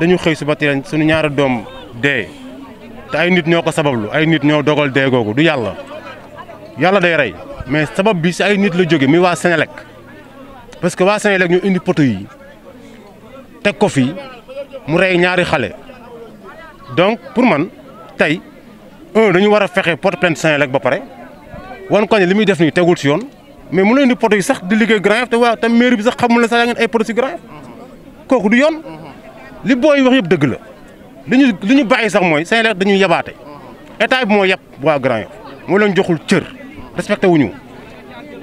dañu xëy suba teel suñu ñaari doom dee te ay nit ñoo ko sabablu ay nit ñoo dogal dee googu du yàlla yàlla day rey mais sabab bi si ay nit la jóge mi waa Sénélec parce que waa Sénélec ñu indi poto yi teg ko fi mu rey ñaari xale donc pour man tey un dañu war a fexe porte plainte Sénélec ba pare wan ko ne li muy def nii tegul si yoon mais mu la indi poto yi sax di liggéey Grand Yoff te waa te mairie bi sax xamul ne sax yaa ngeen ay poto si Grand Yoff kooku li booy wax yëpp dëgg la li ñu li ñu bàyyi sax mooy Sénégal dañuy yabaate état bi moo yab waa Grand Yoff moo leen joxul cër respecté wuñu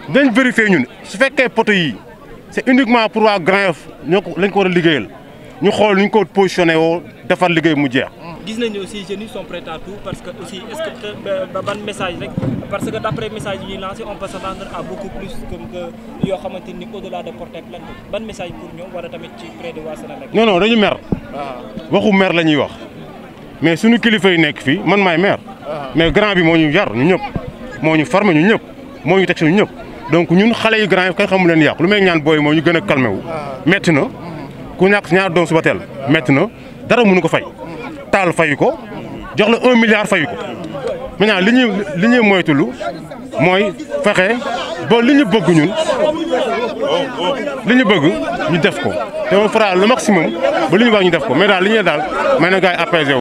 dañ vérifier ñun su fekkee poto yi c'est uniquement pour waa Grand ñoo ko lañ ko war a liggéeyal ñu xool ñu ko positionné woo defar liggéey mu jeex gis nañu aussi jeunes yi sont prêts à que aussi est que ba message rek parce que d'après message yi ñuy lancé on peut s'attendre à beaucoup message pour ñoom dañu mer. Ah. waxu mer la ñuy wax mais suñu kilifa yi nekk fii man maay mer. Ah. mais grand bi moo ñu yar ñu ñëpp moo ñu formé ñu ñëpp moo ñu teg si ñu ñëpp donc ñun xale yi grand yi kay xamu leen yàqu lu may ñaan booy moo ñu gën a calmé wu. Ah. métti na mm-hmm. ku si ñaar doom suba teel métti na dara mënu ko fay. taal fayu ko jox la un milliard fayu ko maintenant li ñuy li ñuy moytulu mooy fexe ba li ñu bëgg ñun li ñu bëgg ñu def ko te on fera le maximum ba li ñu wax ñu def ko mais daal li ñuy daal may na gars yi apaisé